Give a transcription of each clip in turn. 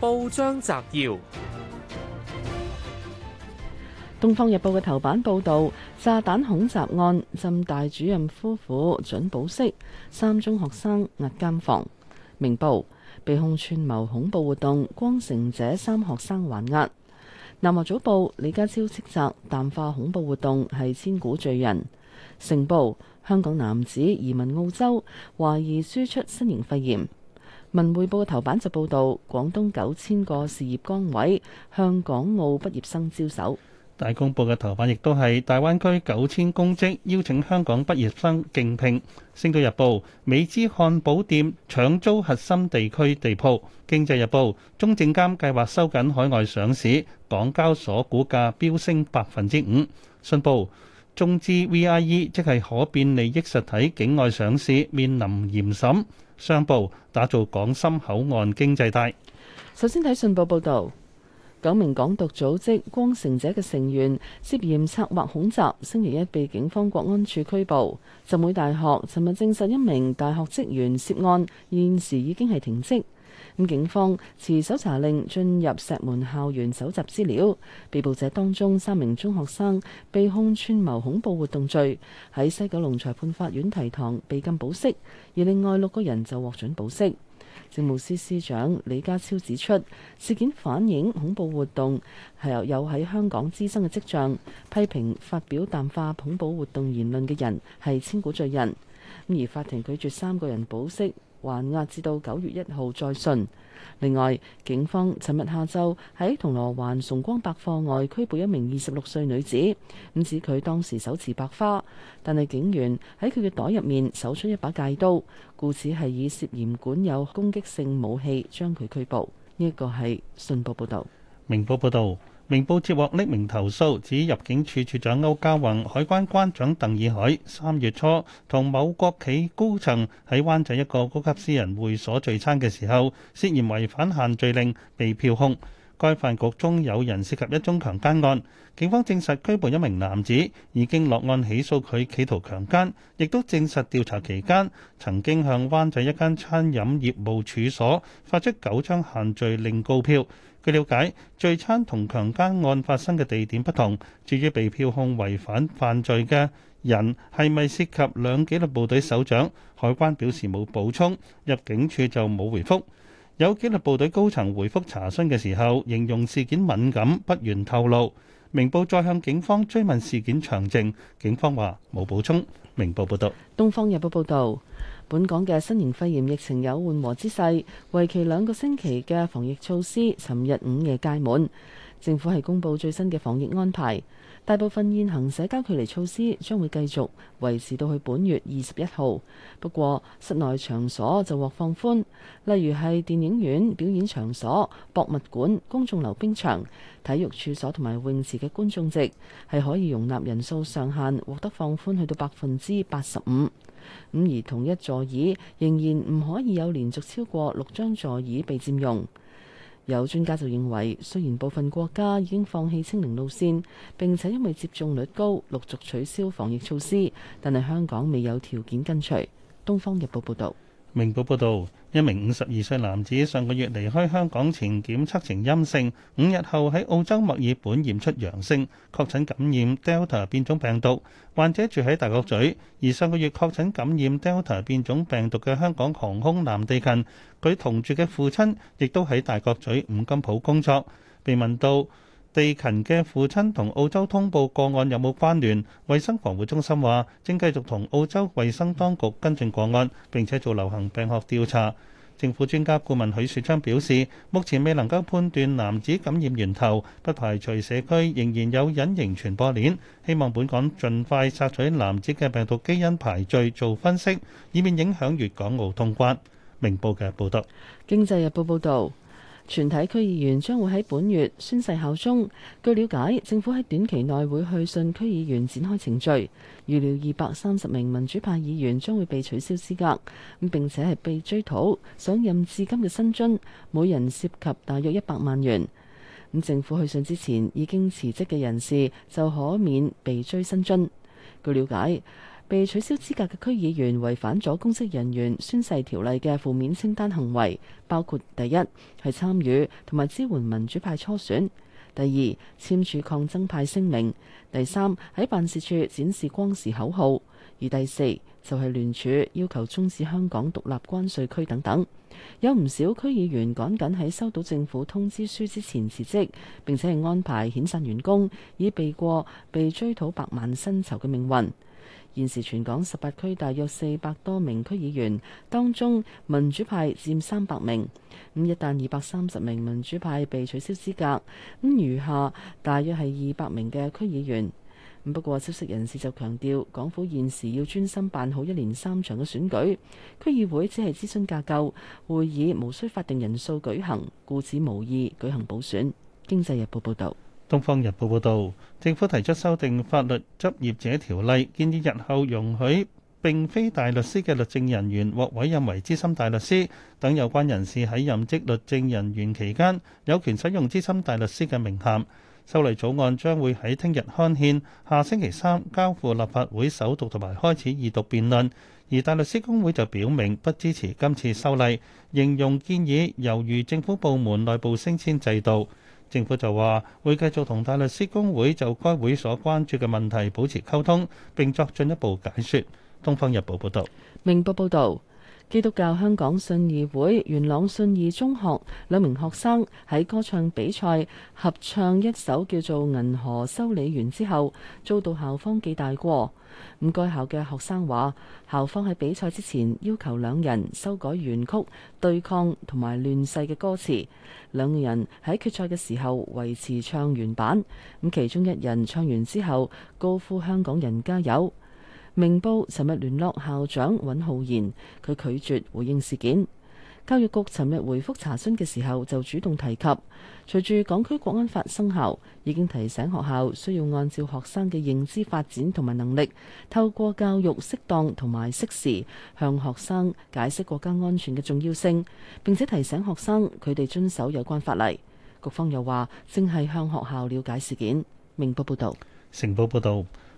報章摘要：《東方日報》嘅頭版報道，炸彈恐襲案浸大主任夫婦准保釋，三中學生押監房。《明報》被控串謀恐怖活動，光城者三學生還押。《南華早報》李家超斥責淡化恐怖活動係千古罪人。《成報》香港男子移民澳洲，懷疑輸出新型肺炎。文匯報嘅頭版就報道，廣東九千個事業崗位向港澳畢業生招手。大公報嘅頭版亦都係大灣區九千公職邀請香港畢業生競聘。星島日報，美資漢堡店搶租核心地區地鋪。經濟日報，中證監計劃收緊海外上市，港交所股價飆升百分之五。信報，中資 VIE 即係可變利益實體境外上市，面臨嚴審。商報打造港深口岸經濟帶。首先睇信報報道，九名港獨組織光城者嘅成員涉嫌策劃恐襲，星期一被警方國安處拘捕。浸會大學尋日證實一名大學職員涉案，現時已經係停職。咁警方持搜查令進入石門校園搜集資料，被捕者當中三名中學生被控串謀恐怖活動罪，喺西九龍裁判法院提堂，被禁保釋；而另外六個人就獲准保釋。政務司司長李家超指出，事件反映恐怖活動係由有喺香港滋生嘅跡象，批評發表淡化恐怖活動言論嘅人係千古罪人。而法庭拒絕三個人保釋。還押至到九月一號再訊。另外，警方尋日下晝喺銅鑼灣崇光百貨外拘捕一名二十六歲女子，唔止佢當時手持白花，但係警員喺佢嘅袋入面搜出一把戒刀，故此係以涉嫌管有攻擊性武器將佢拘捕。呢一個係信報報道。明報報道。明報接獲匿名投訴，指入境處處長區嘉宏、海關關長鄧以海三月初同某國企高層喺灣仔一個高級私人會所聚餐嘅時候，涉嫌違反限聚令，被票控。該飯局中有人涉及一宗強奸案，警方證實拘捕一名男子，已經落案起訴佢企圖強奸。亦都證實調查期間曾經向灣仔一間餐飲業務處所發出九張限聚令告票。據了解，聚餐同強奸案發生嘅地點不同，至於被票控違反犯罪嘅人係咪涉及兩紀律部隊首長，海關表示冇補充，入境處就冇回覆。有紀律部隊高層回覆查詢嘅時候，形容事件敏感，不願透露。明報再向警方追問事件詳情，警方話冇補充。明報報道：《東方日報》報道，本港嘅新型肺炎疫情有緩和之勢，為期兩個星期嘅防疫措施，尋日午夜屆滿，政府係公布最新嘅防疫安排。大部分現行社交距離措施將會繼續維持到去本月二十一號，不過室內場所就獲放寬，例如係電影院、表演場所、博物館、公眾溜冰場、體育處所同埋泳池嘅觀眾席，係可以容納人數上限獲得放寬去到百分之八十五。咁而同一座椅仍然唔可以有連續超過六張座椅被佔用。有專家就認為，雖然部分國家已經放棄清零路線，並且因為接種率高，陸續取消防疫措施，但係香港未有條件跟隨。《東方日報》報導。明報報導，一名五十二歲男子上個月離開香港前檢測呈陰性，五日後喺澳洲墨爾本驗出陽性，確診感染 Delta 變種病毒。患者住喺大角咀，而上個月確診感染 Delta 變種病毒嘅香港航空男地勤，佢同住嘅父親亦都喺大角咀五金鋪工作。被問到，地勤嘅父親同澳洲通報個案有冇關聯？衛生防護中心話，正繼續同澳洲衛生當局跟進個案，並且做流行病學調查。政府專家顧問許樹昌表示，目前未能夠判斷男子感染源頭，不排除社區仍然有隱形傳播鏈。希望本港盡快摘取男子嘅病毒基因排序做分析，以免影響粵港澳通關。明報嘅報道，《經濟日報》報道。全體區議員將會喺本月宣誓效忠。據了解，政府喺短期內會去信區議員展開程序，預料二百三十名民主派議員將會被取消資格，咁並且係被追討上任至今嘅薪津，每人涉及大約一百萬元。政府去信之前已經辭職嘅人士就可免被追薪津。據了解。被取消資格嘅區議員違反咗公職人員宣誓條例嘅負面清單行為，包括第一係參與同埋支援民主派初選，第二簽署抗爭派聲明，第三喺辦事處展示光時口號，而第四就係聯署要求終止香港獨立關稅區等等。有唔少區議員趕緊喺收到政府通知書之前辭職，並且係安排遣散員工，以避過被追討百萬薪酬嘅命運。現時全港十八區大約四百多名區議員當中，民主派占三百名。咁一旦二百三十名民主派被取消資格，咁餘下大約係二百名嘅區議員。不過消息人士就強調，港府現時要專心辦好一連三場嘅選舉，區議會只係諮詢架構，會議無需法定人數舉行，故此無意舉行補選。經濟日報報道。東方日報報道，政府提出修訂法律執業者條例，建議日後容許並非大律師嘅律政人員獲委任為資深大律師等有關人士喺任職律政人員期間有權使用資深大律師嘅名銜。修例草案將會喺聽日刊憲，下星期三交付立法會首讀，同埋開始二讀辯論。而大律師公會就表明不支持今次修例，形容建議猶如政府部門內部升遷制度政府就話會繼續同大律師公會就該會所關注嘅問題保持溝通，並作進一步解説。《東方日報》報道。《明報》報道。基督教香港信義會元朗信義中學兩名學生喺歌唱比賽合唱一首叫做《銀河修理員》之後遭到校方記大過。咁、嗯、該校嘅學生話：校方喺比賽之前要求兩人修改原曲對抗同埋亂世嘅歌詞。兩人喺決賽嘅時候維持唱原版。咁、嗯、其中一人唱完之後高呼香港人加油。明報尋日聯絡校長尹浩然，佢拒絕回應事件。教育局尋日回覆查詢嘅時候，就主動提及，隨住港區國安法生效，已經提醒學校需要按照學生嘅認知發展同埋能力，透過教育適當同埋適時向學生解釋國家安全嘅重要性，並且提醒學生佢哋遵守有關法例。局方又話，正係向學校了解事件。明報報道。成報報道。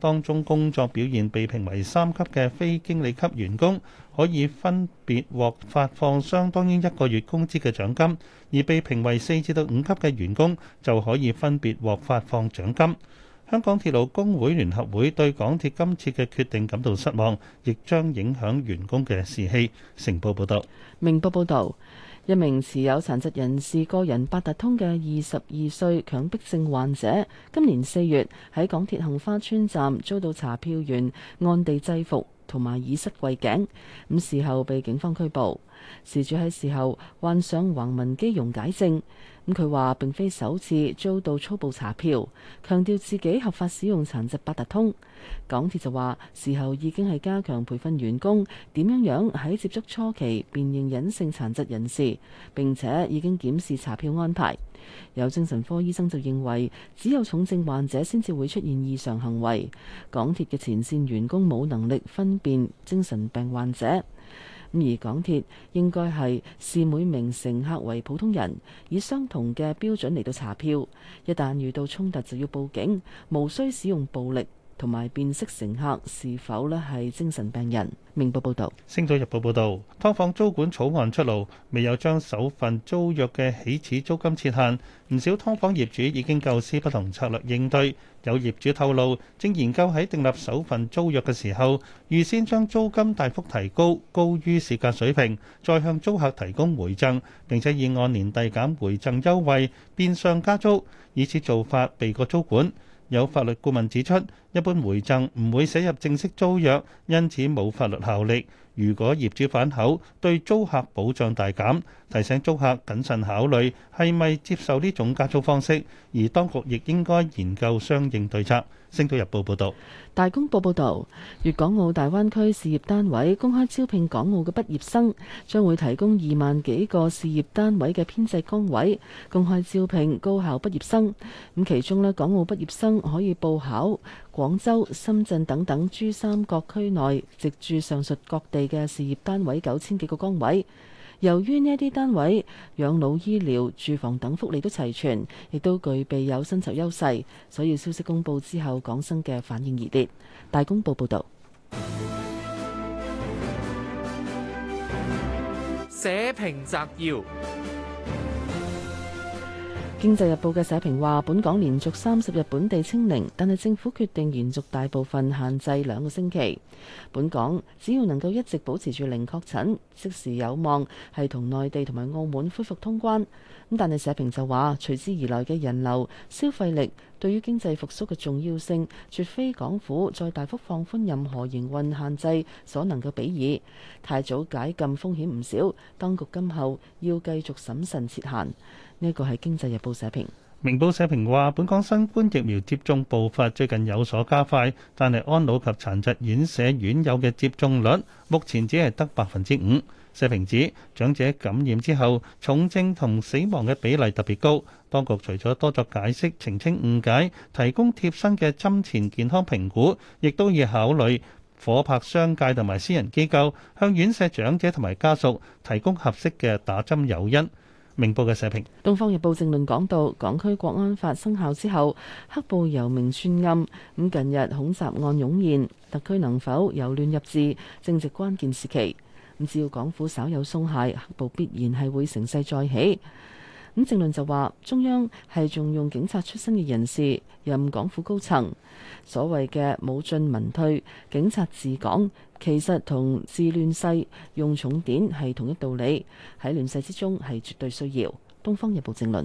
當中工作表現被評為三級嘅非經理級員工，可以分別獲發放相當於一個月工資嘅獎金；而被評為四至到五級嘅員工，就可以分別獲發放獎金。香港鐵路工會聯合會對港鐵今次嘅決定感到失望，亦將影響員工嘅士氣。成報報道。明報報道。一名持有殘疾人士個人八達通嘅二十二歲強迫症患者，今年四月喺港鐵杏花邨站遭到查票員按地制服同埋以膝跪頸，咁事後被警方拘捕。事主喺事後患上橫紋肌溶解症，咁佢話並非首次遭到粗暴查票，強調自己合法使用殘疾八達通。港鐵就話事後已經係加強培訓員工點樣樣喺接觸初期辨認隱性殘疾人士，並且已經檢視查票安排。有精神科醫生就認為只有重症患者先至會出現異常行為，港鐵嘅前線員工冇能力分辨精神病患者。而港鐵應該係視每名乘客為普通人，以相同嘅標準嚟到查票。一旦遇到衝突，就要報警，無需使用暴力。同埋辨識乘客是否咧係精神病人。明報報導。星島日報報道，劏房租管草案出爐，未有將首份租約嘅起始租金設限。唔少劏房業主已經構思不同策略應對。有業主透露，正研究喺訂立首份租約嘅時候，預先將租金大幅提高，高於市價水平，再向租客提供回贈，並且以按年遞減回贈優惠變相加租，以此做法避過租管。有法律顧問指出，一般回贈唔會寫入正式租約，因此冇法律效力。如果業主反口，對租客保障大減。提醒租客謹慎考慮，係咪接受呢種加速方式，而當局亦應該研究相應對策。星島日報報道，大公報報道，粵港澳大灣區事業單位公開招聘港澳嘅畢業生，將會提供二萬幾個事業單位嘅編制崗位，公開招聘高校畢業生。咁其中咧，港澳畢業生可以報考廣州、深圳等等珠三角區內直住上述各地嘅事業單位九千幾個崗位。由於呢一啲單位，養老、醫療、住房等福利都齊全，亦都具備有薪酬優勢，所以消息公布之後，港生嘅反應熱烈。大公報報導，社評摘要。《經濟日報》嘅社評話：本港連續三十日本地清零，但係政府決定延續大部分限制兩個星期。本港只要能夠一直保持住零確診，即時有望係同內地同埋澳門恢復通關。咁但係社評就話：隨之而來嘅人流消費力，對於經濟復甦嘅重要性，絕非港府再大幅放寬任何營運限制所能夠比擬。太早解禁風險唔少，當局今後要繼續審慎設限。呢個係經濟日報社評。明報社評話本港新冠疫苗接種步伐最近有所加快，但係安老及殘疾院舍院友嘅接種率目前只係得百分之五。社評指，長者感染之後，重症同死亡嘅比例特別高。當局除咗多作解釋澄清誤解，提供貼身嘅針前健康評估，亦都要考慮夥拍商界同埋私人機構向院舍長者同埋家屬提供合適嘅打針誘因。明報嘅社評，《東方日報政論》講到，港區國安法生效之後，黑暴由明轉暗，咁近日恐襲案湧現，特區能否由亂入治？正值關鍵時期，咁只要港府稍有鬆懈，黑暴必然係會乘勢再起。咁政論就話中央係重用警察出身嘅人士任港府高層，所謂嘅武進文退，警察治港，其實同治亂世用重典係同一道理。喺亂世之中係絕對需要。東方日報政論。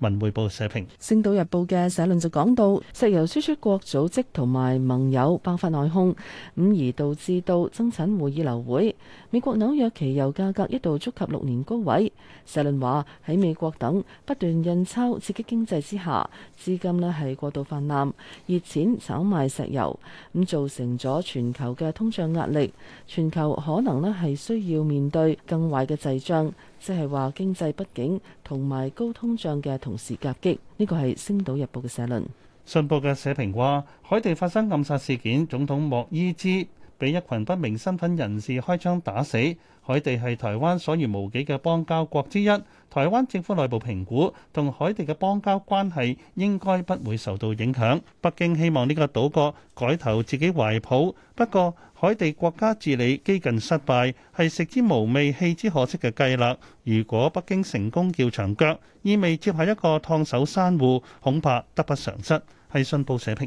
文匯報社評，《星島日報》嘅社論就講到，石油輸出國組織同埋盟友爆發內訌，咁而導致到增產會議流會。美國紐約期油價格一度觸及六年高位。社論話喺美國等不斷印鈔刺激經濟之下，資金呢係過度泛濫，熱錢炒賣石油，咁造成咗全球嘅通脹壓力，全球可能呢係需要面對更壞嘅滯脹。即係話經濟不景同埋高通脹嘅同時夾擊，呢個係《星島日報》嘅社論。《信報》嘅社評話：海地發生暗殺事件，總統莫伊茲，俾一群不明身份人士開槍打死，海地係台灣所餘無幾嘅邦交國之一。台灣政府內部評估，同海地嘅邦交關係應該不會受到影響。北京希望呢個島國改投自己懷抱，不過海地國家治理幾近失敗，係食之無味棄之可惜嘅雞肋。如果北京成功撬牆腳，意味接下一個燙手山芋，恐怕得不償失。係信報社評。